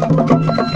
thank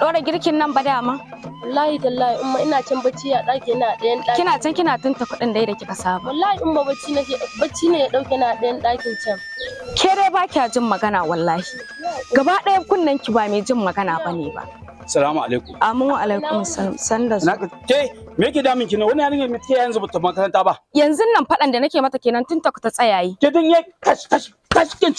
dora girkin nan ba dama? Wallahi tallahi umma ina can bacci a ɗaki na ɗayan ɗakin. Kina can kina tunta kuɗin dai da kika saba. Wallahi umma bacci nake bacci ne ya ɗauke na ɗayan ɗakin can. Ke dai ba kya jin magana wallahi. Gaba ɗaya kunnen ki ba mai jin magana bane ba. Salamu alaikum. Amin wa alaikum salam. Sanda su. Ke me yake damin ki ne? Wani yarinya me take yanzu bata makaranta ba? Yanzu nan fadan da nake mata kenan tun ta ta tsaya yi. Ke dun ya kash kash kash kin.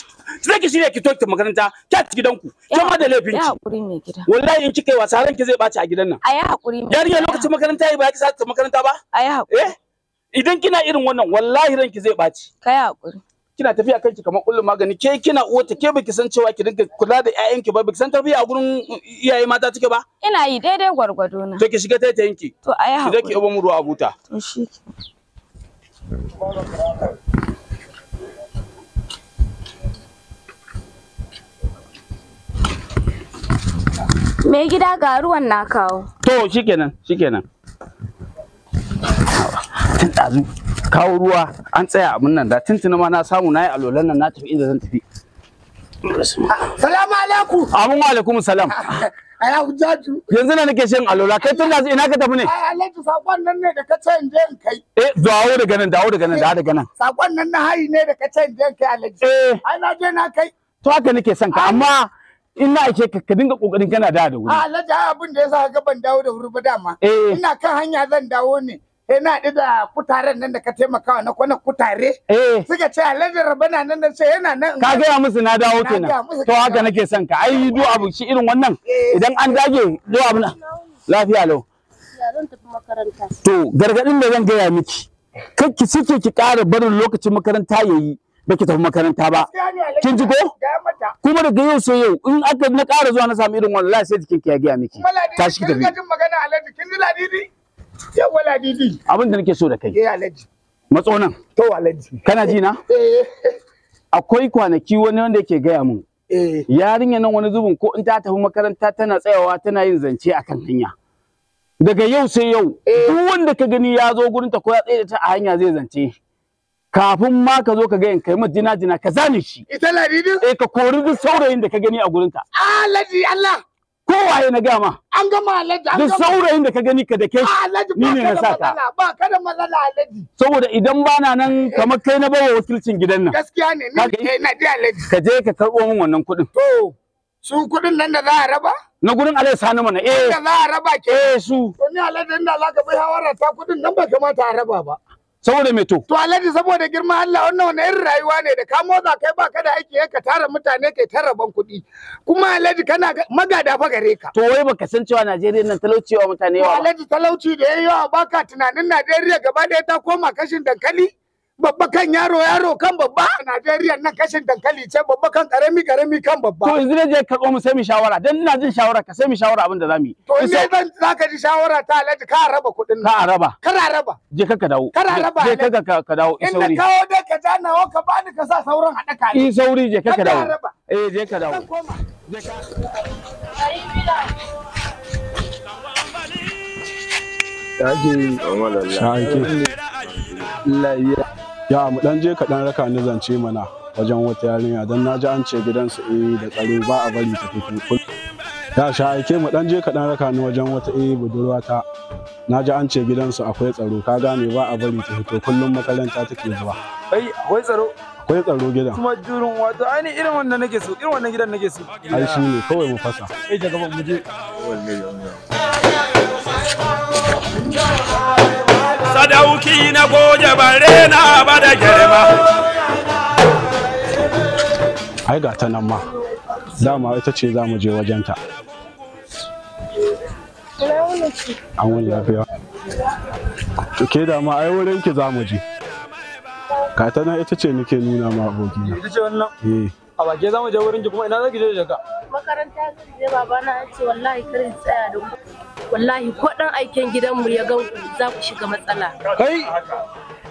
Sai ki shirye ki to ki makaranta, ki a gidan ku. Ke ma da laifin ki. Ya hakuri ne gida. Wallahi in kika yi wasa ranki zai baci a gidan nan. A ya hakuri mai. Yarinya lokacin makaranta yi ba ki sa ta makaranta ba? A ya hakuri. Eh? Idan kina irin wannan wallahi ranki zai baci. Kai hakuri. kina tafiya kanki kamar kullum magani ke kina uwata ke baki san cewa ki dinga kula da ƴaƴanki ba baki san tafiya a gurin iyaye mata take ba ina yi daidai gwargwado na to ki shiga ta yanki to ai hakuri ki je mu ruwa a buta to shi Me gida ga ruwan na kawo. To shikenan shikenan. tun ɗazu kawo ruwa an tsaya abin nan da tuntuna ma na samu na yi alolan nan na tafi inda zan tafi salamu alaikum amin wa alaikum salam yanzu na nake shan alola kai tun ɗazu ina ka tafi ne alhaji sakon nan ne da ka ce in je in kai eh dawo daga nan dawo daga nan da daga nan sakon nan na hayi ne da ka ce in je in kai alhaji eh ai na je na kai to haka nake son ka amma ina ake ka dinga kokarin kana da da wuri. Alhaji abin da yasa ka ban dawo da wuri ba dama. Eh. Ina kan hanya zan dawo ne. ina eh, ɗi da kutaren nan da ka taimaka na kwanan kutare eh. suka ce alhaji rabana nan da ce yana nan ka gaya musu na dawo kenan to haka nake son ka ai du abu shi irin wannan eh. idan an dage du abu lafiya lau to gargaɗin da zan gaya miki Kanki ki ki ƙara barin lokacin makaranta yayi ba ki tafi makaranta ba kin ji ko kuma daga yau so yau in aka na ƙara zuwa na samu irin wannan sai jikin ki ya gaya miki tashi ki tafi magana alhaji kin ji ladidi yawa ladidi abin da nake so da kai eh, to kana ji eh. akwai kwanaki wani wanda yake gaya mun eh. yarinya nan wani zubin ko in ta tafi makaranta tana tsayawa tana yin zance akan hanya daga yau sai yau duk wanda ka gani ya zo gurin ko ya tsaye ta a hanya zai zance kafin ma ka zo ka ga kai ma jina jina ka zane shi ita ladidi eh ka kori duk saurayin da ka gani a gurin ta ah ladi Allah ko waye na gama an gama alhaji an saurayin da ka gani ka da ke ah, ni ne na saka ba ka da matsala alhaji saboda idan bana nan kamar kai na bawa wakilcin gidan nan gaskiya ne ni eh, na da alhaji ka je ka karbo min wannan kuɗin to su kuɗin nan da za a raba na gurin alai sani mana eh da za a raba ke eh, su to ni alhaji inda za ka bai hawara ta kuɗin nan ba kamata a raba ba saboda me to to alhaji saboda girma Allah wannan wani irin rayuwa ne da ka motsa kai baka da aiki ka tara mutane kai tara ban kuɗi kuma alhaji kana magada fa gare ka to wai baka san cewa Najeriya nan talauci wa mutane yawa alhaji talauci da yayi yawa baka tunanin Najeriya gaba ɗaya ta koma kashin dankali babba kan yaro yaro kan babba a Najeriya nan kashin dankali ce babba kan karami karami kan babba to yanzu je ka mu sai mu shawara dan ina jin shawara ka sai mu shawara abin da zamu yi to ne zan zaka ji shawara ta Alhaji ka raba kuɗin ka raba ka raba je ka ka dawo ka raba je ka ka dawo in sauri inda kawo da ka ja wa ka bani ka sa sauran haɗa ka in sauri je ka dawo eh je ka dawo je you. Thank you. ya mu dan je ka dan raka ni zance mana wajen wata yarinya dan naji an ce gidansu eh da tsaro ba a bari ta fito ya sha aike mu dan je ka dan raka ni wajen wata eh budurwa ta naji an ce gidansu akwai tsaro ka gane ba a bari ta fito kullum makaranta take zuwa ai akwai tsaro akwai tsaro gidan kuma jurin wato ainihin irin wanda nake so irin wannan gidan nake so ai shi ne kawai mu fasa eh daga mu je wallahi sarki na goje bare na ba da girma ai ga ta nan ma dama ita ce za mu je wajenta an wani lafiya ke da ma ai wurin ki za mu je ka ta nan ita ce nake nuna ma abokina ita ce wannan eh a bake za mu je wurin ki kuma ina za ki je da ka makaranta zan je babana ya ce wallahi karin tsaya da ku wallahi ko dan aiken gidanmu ya gan ku za ku shiga matsala kai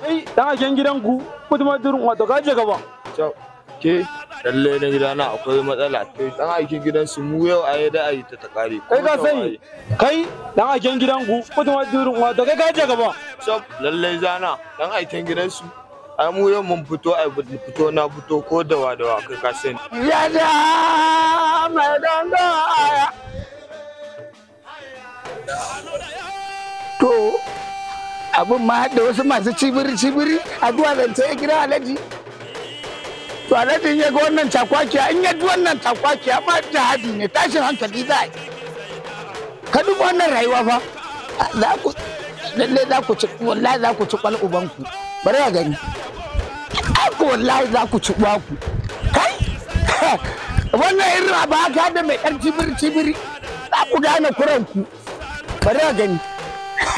kai dan aiken gidanku kuma durin wato kaje gaba ke lalle na gidana akwai matsala kai dan aikin gidansu mu yau a da a yi ta kare kai ka sani kai dan aikin gidanku kuma durin wato kai kaje gaba sab lalle zana dan aikin gidansu ai mu yau mun fito ai fito na fito ko da wa da wa kai ka sani ya da mai aya. to abin ma da wasu masu cibiri-cibiri a zuwa zan ya kira alaji to alaji ya ga wannan takwakiya in yadda wannan takwakiya ma jihadi ne tashin hankali za a yi ka duba wannan rayuwa fa za ku lalle za ku ci wallahi za ku ci kwal ubanku bari ya gani ku wallahi za ku ci uwa ku kai wannan irin ba ka da mai ɗan cibiri-cibiri za ku gane kuranku bari a gani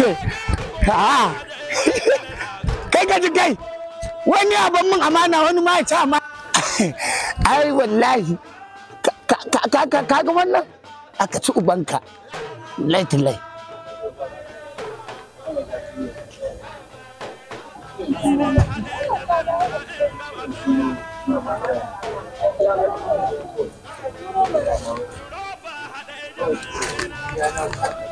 ah. kai ka ji kai wani abin mun amana wani ma ya ci amana ai wallahi kaga wannan aka ci ubanka lai Thank you.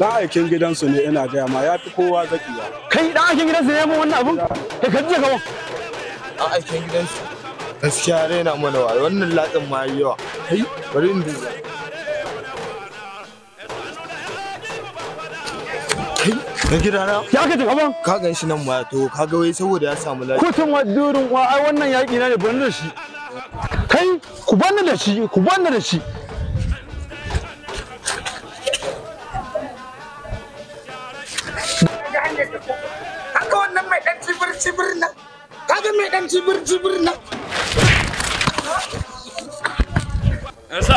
dan gidansu ne ina gaya ma ya fi kowa zakiya kai dan aikin gidansu ne mun wannan abun ka kaji daga wan dan aikin gidansu gaskiya raina mana wa wannan latsin ma yi yawa kai bari in Kai, na na. ya kaji kaman ka gan shi nan ma ya taho ka ga wai saboda ya samu lafiya kotun wadurin wa ai wannan yaƙi na ne ban da shi kai ku ban da shi ku ban da shi ऐसा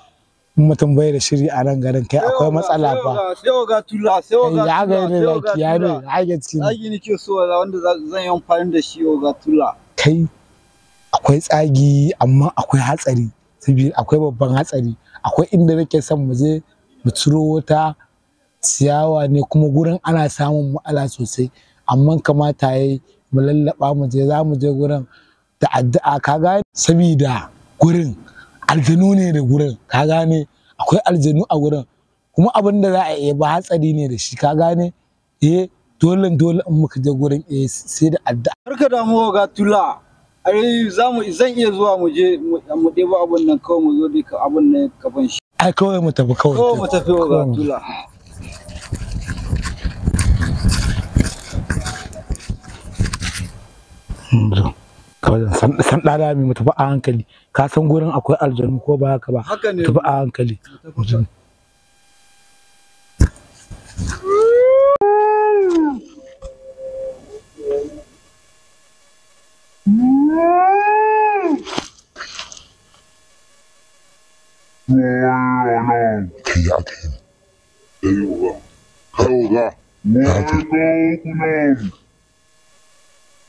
mutum bai da shiri a nan garin kai akwai matsala ba sai ga tula sai ga ya ga ne like ya ne tsagi so wanda zan yi amfani da shi ga tula kai akwai tsagi amma akwai hatsari saboda akwai babban hatsari akwai inda nake son mu je mu turo wata ciyawa ne kuma gurin ana samun matsala sosai amma kamata ya yi mu lallaba mu je za mu je gurin da addu'a ka gane saboda gurin aljanu ne da gurin ka gane akwai aljanu a wurin kuma abin da za a iya ba hatsari ne da shi ka gane eh dole dole in muka je gurin eh sai da adda barka da mu ga tula ai za mu zan iya zuwa mu je mu ɗebo abin nan kawai mu zo ka abin nan ka ban shi ai kawai mu tafi kawai kawai mu tafi ga tula Mm-hmm. kawai san san dada mai mutu ba a hankali ka san gurin akwai aljanu ko ba haka ba mutu ba a hankali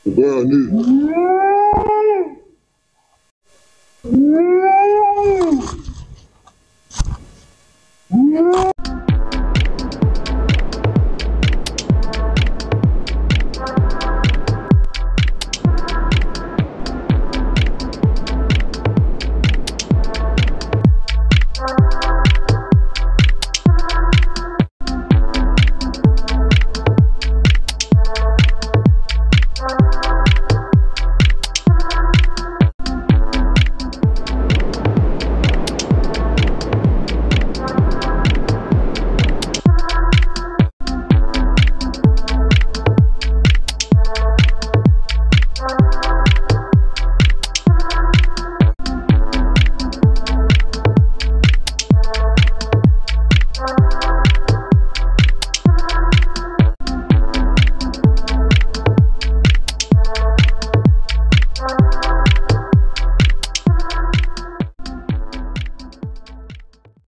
I need. Mm.